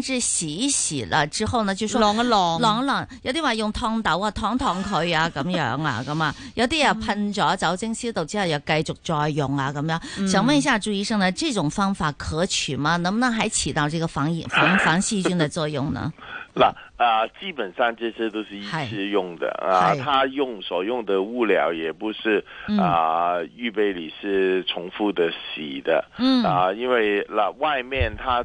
即洗一洗啦，之後呢就說晾一晾，晾一晾。有啲話用燙斗啊，燙燙佢啊，咁樣啊，咁啊。有啲又噴咗酒精消毒之後又繼續再用啊，咁樣。想問一下朱醫生呢？這種方法可取嗎？能不能還起到這個防防防細菌的作用呢？基本上這些都是一次用的啊，他用所用的物料也不是啊，預備里是重複的洗的，嗯啊，因為外面他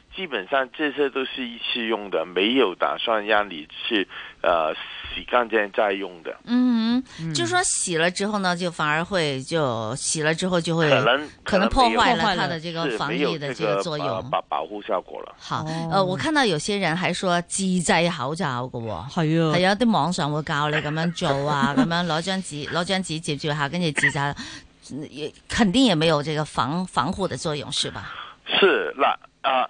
基本上這些都是一次用的，沒有打算讓你去呃洗乾淨再用的。嗯，就說洗了之後呢，就反而會就洗了之後就會可能可能破壞了它的這個防疫的這個作用，保保護效果了。好，呃，我看到有些人還說自製口罩的，係啊，係有啲網上會教你咁樣做啊，咁樣攞張紙攞張紙解決下，跟住自製，也肯定也沒有這個防防護的作用，是吧？是那啊。